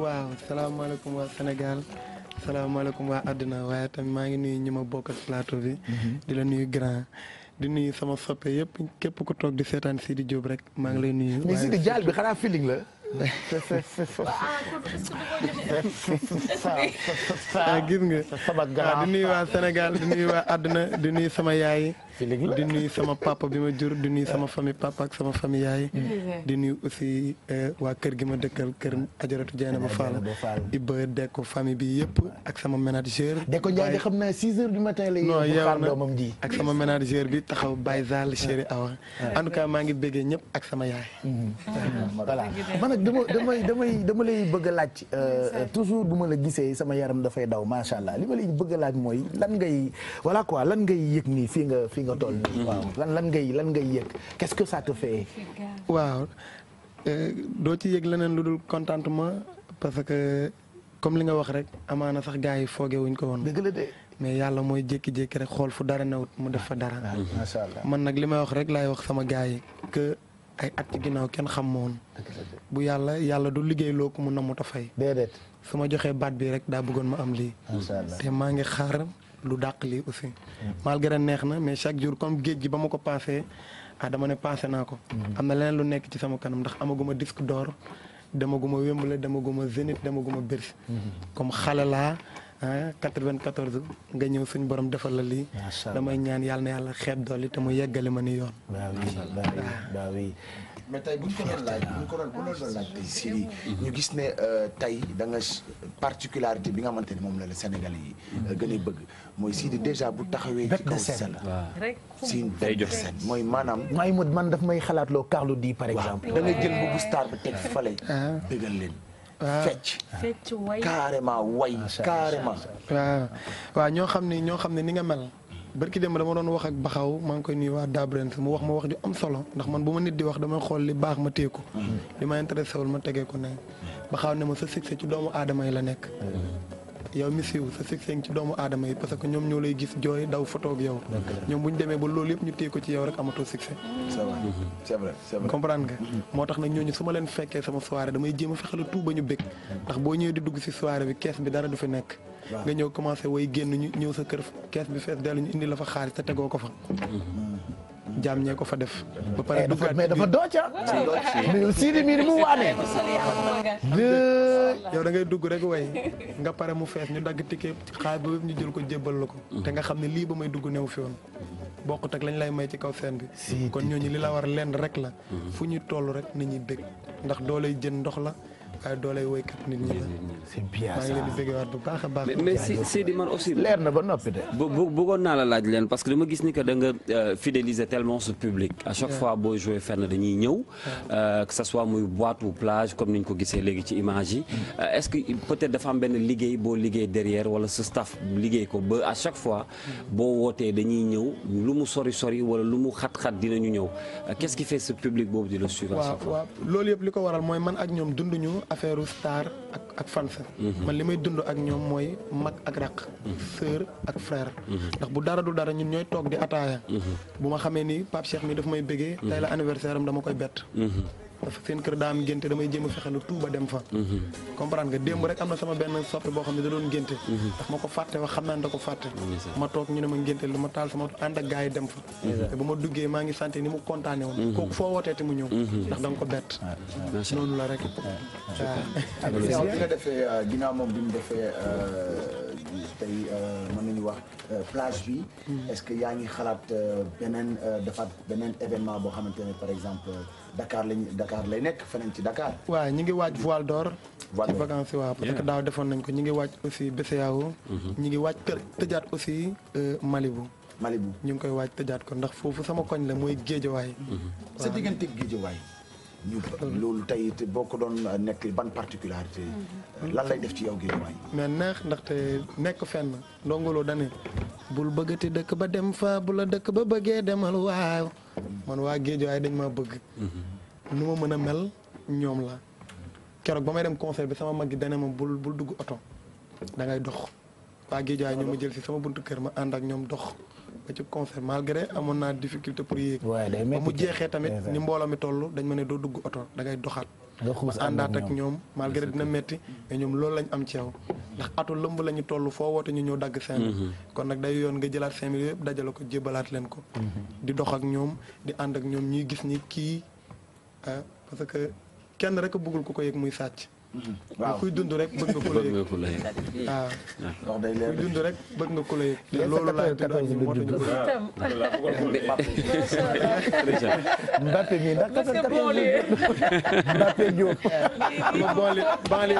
waaw salaamaaleykum waa Sénégal salaamaaleykum waa àdduna waaye tamit maa ngi nuyu ñi ma bokk ak plateau bi. Mhm. di la nuyu grand. di nuyu sama soppe yëpp képp ku toog di seetaan di Diop rek maa ngi lay nuyu. waaye Sidi Dial bi xanaa feeling la. gis nga waaw di nuyu waa Sénégal di nuyu waa àdduna di nuy sama yaay di nuy sama papa bi ma jur di nuyu sama famille papa ak sama famille yaay mm. di nuyu aussi euh, waa kër gi ma dëkkal kër ajaratu Dieynaba Fall Iba Deko famille bi yëpp ak sama ménageur Deko Ndiaye xam naa six heures du matin la non na ak sama ménageur bi taxaw Baye Zal chéri Awa en maa ngi béggee ñëpp ak sama yaay mm-hmm. ah, dama damay damay dama lay bëgg a laaj euh, euh, toujours bu ma la gisee sama yaram dafay daw macha allah li ma lay bëgg laaj mooy lan ngay voilà quoi lan ngay yëg nii fii nga fii nga toll nii mm-hmm. lan lan ngay lan ngay yëg qu'est-ce que ça te fait waaw euh, doo ci yëg leneen lu dul contentement parce que comme li nga wax rek amaana sax gars yi fooge wuñ ko woon dëgg mais yàlla mooy jékki-jékki rek xool fu dara newut mu def fa dara ah, macha man nag li may wax rek laay wax sama gars yi ay at ci ginnaaw kenn xam moon bu yàlla yàlla du liggéey loo ko mu namu ta fay. déedéet su ma joxee baat bi rek daa bëggoon ma am lii. te maa ngi xaar lu dàq lii aussi. Mm. malgré neex na mais chaque jour comme géej gi ba ma ko paasee aadama ah ne paase naa ko. Mm. am na leneen lu nekk ci sama kanam ndax amaguma disque door damaguma Wembley damaguma Zénith damaguma Bercy. Mm-hmm. comme xale laa ah 94 nga ñëw suñu borom defal la lii. damay ñaan yàlla na yàlla xeeb doole te mu yeggale ma ni yoon. waaw waaw mais tey ñu ko doon laaj bu ñu mm. gis ne euh, tey da nga particularité bi nga xamante ne moom la la Sénégalais yi. Mm. Euh, gën a bëgg mooy Sidy déjà bu taxawee. ci kaw seen rek Sidy day jox seen mooy maanaam. mooy man daf may xalaatloo Carlou di par exemple. da ngay jël bu bu star bi teg fale. Ah. dëggal leen. fecc ah. fecc way carrément way ah, carrément ah. waaw ñoo xam ne ñoo xam ne ni nga mel barki dem dama doon wax ak baxaw maa ngi koy nuyu waa Dabrent mu wax ma wax ju am solo ndax man bu ma nit di wax damay xool li baax ma téeku mm-hmm. li ma intéressé wul ma tegee ko ne baxaw ne ma sa succès ci doomu aadama yi la nekk mm-hmm. yow mi siiw sa succès ngi ci doomu aadama yi parce que ñoom ñoo lay gis jooy daw photo ak ñoom bu ñu demee ba loolu yëpp ñu téye ko ci yow rek amatoo succès mhm. c'est vrai c'est nga mhm. moo tax nag ñooñu su ma leen fekkee sama soirée damay jéem a fexala tout ba ñu bég ndax boo ñëwee di dugg si soirée bi kees bi dara du fi nekk nga ñëw commencé way génn ñu ñëw sa kër kees bi fees dellu ñu indi la fa xaalis te tegoo ko fa mhm. jaam ñee ko fa def. ba pare eh, duggaat mais dafa doo ca. siidi mu waane. yow da ngay dugg rek way nga pare mu fees ñu dagg ticket xaay ba ñu jël ko jébbal la ko. Mm-hmm. te nga xam ne lii ba may dugg new fi woon. bokkut ak lañ lay may ci kaw seen bi. kon ñooñu li la war lenn rek la. Mm-hmm. fu ñu toll rek ñuy bëgg ndax doo jën ndox la. waaye doole woykat nit mais si Sidi man aussi. leer na ba noppi de. bu bu naa la laaj leen parce que dama gis ni que da nga euh, fidéliser tellement ce public. à chaque fois boo joué fenn dañuy ñëw. Euh, que ça soit muy boîte ou plage comme ni ñu ko gisee léegi ci image yi. Mm. Euh, est-ce que peut-être dafa am benn liggéey boo liggéey derrière wala sa staff liggéey ko ba a chaque fois mm. boo wootee dañuy ñëw lu mu sori sori wala lu mu xat-xat ñu ñëw kes ce qui fait ce public boobu di la affaire star ak ak fans mhm. man li may dund ak ñoom mooy mag ak raq mhm. sœur ak frère mhm. ndax bu dara du dara ñun ñooy toog di ataaya bu ma xamee ni Pape Cheikh mi daf may bëggee tey la anniversaire am dama koy bett dafa seen kër daa am ngénte damay jéem a fexe lu tuuba dem fa mhm. comprendre nga démb rek am na sama benn soppe boo xam ne da doon ngénte mhm. ndax ma ko fàtte wax xam naa ne a ko fàtte ma toog ñu ne ma ngénte li ma taal sama ànd ak gars dem fa te bu ma duggee maa ngi sant ni mu kontaane woon mhm. kooku foo wootee te mu ñëw ndax da ko bett noonu la rek waaw euh, ginnaaw moom tey euh, mën nañu wax euh, plage bi. Hmm. est-ce que yaa ngi xalaat euh, beneen defaat beneen événement boo xamante ne par exemple Dakar lañ Dakar lay nekk feneen ci Dakar. waaw ñu ngi waaj voile d'or. ci vacances waaw parce defoon nañ ko ñu ngi waaj aussi BCEAO. Mm-hmm. ñi ngi waaj tëjaat aussi mali bu ñu ngi koy waaj tëjaat ko ndax foofu sama koñ la mooy géejawaay. Mm-hmm. sa diggante géejawaay. loolu tey te boo ko doon nekk ban particularité. Mhm. lal lay def ci yow Guédiawaye. mais neex ndaxte nekk fenn Ndongo Lo dane bul te dëkk ba dem fa bu la dëkk ba bëggee demal waaw man waa Guédiawaye dañ maa bëgg. Mhm. nu ma mën a mel ñoom la keroog ba may dem concert bi sama mag yi dane bul bul dugg oto da ngay dox waa Guédiawaye ñoom ma jël si sama buntu kër ma ànd ak ñoom dox. ba ci concert malgré amoon naa difficulté pour yéeg ba mu jeexee tamit ni mbooloo mi toll dañ ma ne doo dugg oto da ngay doxaat ma àndaat ak ñoom malgré dina métti mais ñoom loolu lañ am ci yow ndax atu lëmb la ñu toll foo woote ñu ñëw dagg cinq mille mm-hmm. kon nag day yoon nga jëlaat cinq mille yëpp dajale ko jébalaat leen ko mm-hmm. di dox ak ñoom di ànd ak ñoom ñuy gis ni kii ah, parce que kenn rek bëggul ku ko yëg muy sàcc waaw kuy dund rek bëgg nga ku la dund rek bëgg nga ku la loolu laay tudd ak ñoom moo tax ñu ko. Mbappé mii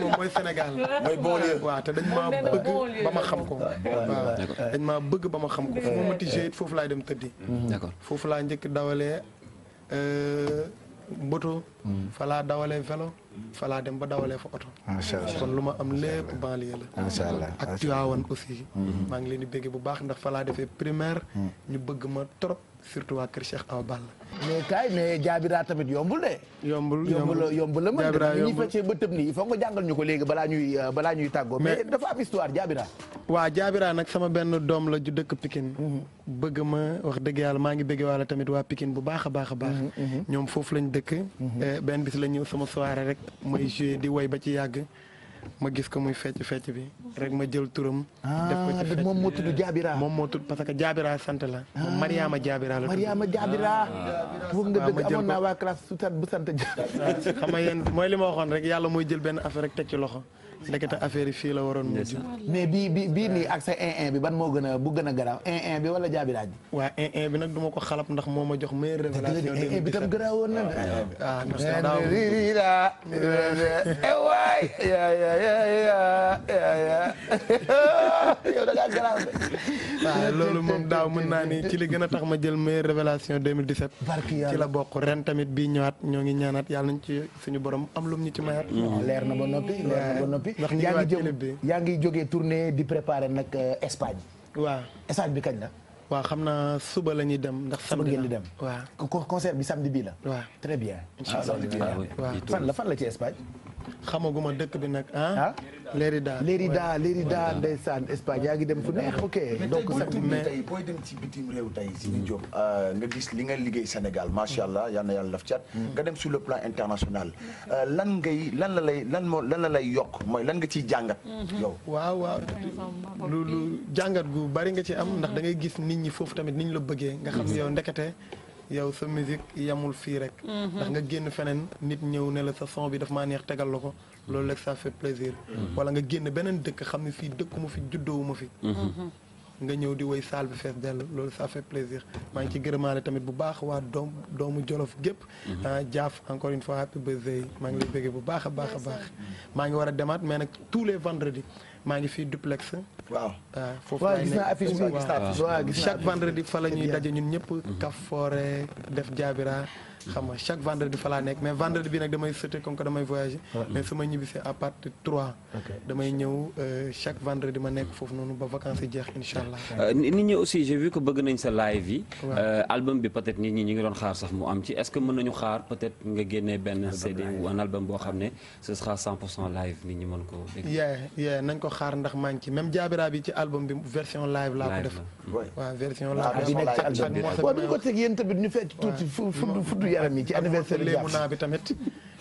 moom mooy Sénégal. mooy banlieue waaw te dañ maa bëgg ba ma xam ko. waaw dañ maa bëgg ba ma xam ko fu ma ma tijjee it foofu laay dem tëddi. foofu laa njëkk dawalee. Euh, moto. Mm. falaa dawalee vélo. falaa dem ba dawalee fa oto. macha allah kon lu ma am lépp banlieue la. macha allah ak Tivaouane aussi. Mm-hmm. maa ngi leen di bégg bu baax ndax falaa defee primaire. Mm. ñu bëgg ma trop surtout waa Kër Cheikh Awa Balla. mais kaay mais jaabiraa tamit yombul de. yombul yombul yombul la mën de. jaabiraa yombul ñu feccee ba tëb nii il ñu ko léegi balaa ñuy balaa ñuy tàggoo. mais dafa am histoire jaabiraa. waa jaabiraa nag sama benn doom la ju dëkk Pikine mhm. bëgg ma wax dëgg yàlla maa ngi bëggee waale tamit waa Pikine bu baax a baax a baax mhm, mhm. ñoom foofu lañ dëkk eh, benn bis la ñëw sama soirée rek may joué di woy ba ci yàgg ma gis ko muy fecc fecc bi rek ma jël turam. Ah, moom moo tudd Jaabira. moom moo tudd parce que Jaabira sant la. Ah. moom Mariama Jaabira la. Mariama Jaabira. Ah. waaw nga dëgg amoon naa waa classe bu sant Jaabira. xam nga yéen mooy li ma waxoon rek yàlla mooy jël benn affaire rek te ci loxo. ndekete affaire yi fii la waroon mais bii bi bii nii ak sa un bi ban moo gën a bu gën a garaaw bi wala jaabi laaj bi. waaw un nag du ko xalab ndax moo ma jox meilleure révélation. un un bi tam garaawoon na de. ah ndax ah, eh loolu moom daaw mën naa ni ci li gën a tax ma jël meilleure révélation 2017. ci la bokk ren tamit bi ñëwaat ñoo ngi ñaanaat yàlla nañ ci suñu borom am lum ñu ci mayaat. leer na ba noppi leer na ba noppi. bi. yaa ngi bi yaa ngi jógee tournée di préparer nag euh, Espagne. waaw Espagne bi kañ la. waa xam naa suba la ñuy dem ndax. suba ngeen di dem waaw. concert bi samedi bii la. waaw très bien. incha allah ah fan la fan la ci Espagne. xamaguma dëkk bi nag ah. ah? Lérida Lérida Lérida saan Espagne yaa ngi dem fu neex ok. donc sax mais booy dem ci bitim réew tey si li Diop. Euh, nga gis li nga liggéey Sénégal macha allah yal yàlla daf caat. Hmm. nga dem sur le plan international. Euh, lan ngay lan la lay lan moo lan la lay yokk mooy lan nga ciy jàngat. Hmm. yow waaw waaw lu lu jàngat gu bari nga ci am ndax dangay gis nit ñi foofu tamit ni ñu la bëggee nga xam hmm. yow ndekete. yow sa musique yamul fii rek. Mhm. ndax nga génn feneen nit ñëw ne la sa son bi daf maa neex tegal la ko mhm. loolu rek sa fait plaisir. Mhm. wala nga génn beneen dëkk xam ni fii dëkkuma fi juddoowu ma fi. nga ñëw di woy saal bi fees dell loolu ça fait plaisir maa ngi ci gërëmaale tamit bu baax waa doom doomu jolof gépp ah, jaaf encore une fois happy birthday maa ngi lay bëggee bu baax a baax a baax maa ngi war a demaat mais nag tous les vendredis. maa ngi fii duplex. waaw ah, foofu laay chaque vendredi fa la ñuy daje ñun ñëpp. kaf mm-hmm. foore def jaabira xam nga chaque vendredi fa laa nekk mais vendredi bi nag damay sauté comme que damay voyagé. Ah. mais su ma ñibbisee à partir de 3. damay ñëw euh, chaque vendredi ma nekk foofu noonu ba vacances jeex incha allah. Ah, nit ñi aussi j'ai vu bëgg nañ sa live yi. Euh, album bi peut nit ñi ñu ngi doon xaar sax mu am ci est-ce que mën nañu xaar peut-être nga génnee benn CD ou un album boo xam ne ce sera 100% nit ñi mën ko xaar ndax maa ngi ci même jaabira bi ci album bi version live laa ko def waaw version live bi nekk ci album waaw bi ñu ko teg yéen tamit ñu fekk tuuti fuddu yaram yi ci anniversaire léemu naa bi tamit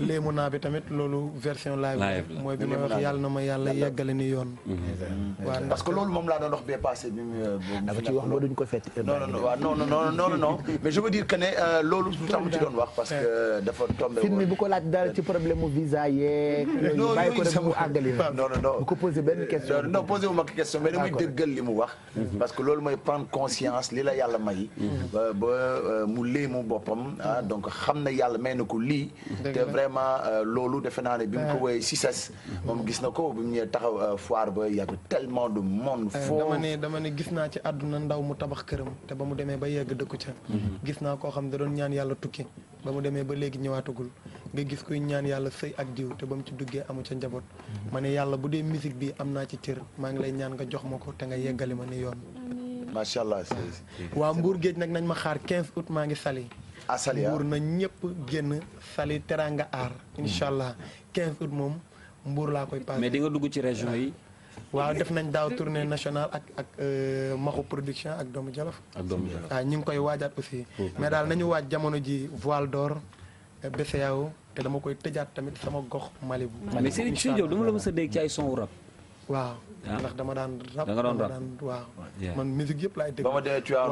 léemu naa bi tamit loolu version live la mooy bi ma wax yàlla na ma yàlla yeggale ni yoon. Mhm. waaw parce que loolu moom laa doon wax bee passé. Euh, dafa ci wax ba duñ ko fett. non non non non non non mais je veux dire que ne euh, loolu lu tax mu ci doon wax parce que euh, dafa tombé. film bu ko laaj dara ci problème mu visa yeeg. yooyu bàyyi ko rek mu àggali la. non non non bu ko posé benn question. non posé wu ma question mais damay dëggal li mu wax. Mhm. parce que loolu mooy prendre conscience li la yàlla may. Mhm. ba mu léemu boppam ah, donc xam na yàlla may na ko lii. te vraiment euh, loolu defe naa ne bi mu ko woyee Cissesse moom gis na ko bi mu ñëwee taxaw euh, foire ba yàgg avait tellement de monde foo dama ne dama ne gis naa ci àdduna ndaw mu tabax këram te ba mu demee ba yegg dëkku ca mhm. gis naa koo xam da doon ñaan yàlla tukki ba mu demee ba léegi ñëwaatagul nga gis kuy ñaan yàlla sëy ak diw te ba mu ci duggee amu ca njaboot mhm. ma ne yàlla bu dee musique bi am naa ci cër maa ngi lay ñaan nga jox ma ko te nga yeggali ma ni yoon macha allah waa Mbour géej nag nañ ma xaar 15 out maa ngi sali asalia mbuur na ñëpp génn sali teranga aar. incha allah 15 moom mbuur laa koy passé. mais di nga dugg ci région yi. waaw def nañ daaw tournée nationale ak ak euh, maxu production ak doomu jolof ak doomu jolof waaw ñu ngi koy waajaat aussi. mais daal nañu waaj jamono ji voile d'or euh, BCEAO te dama koy tëjaat tamit sama gox Malibu. mais Serigne Serigne Diop dama la mës a dégg ci ay son rap. waaw ah. ndax dama daan rap dama daan waaw man musique yëpp laay dégg.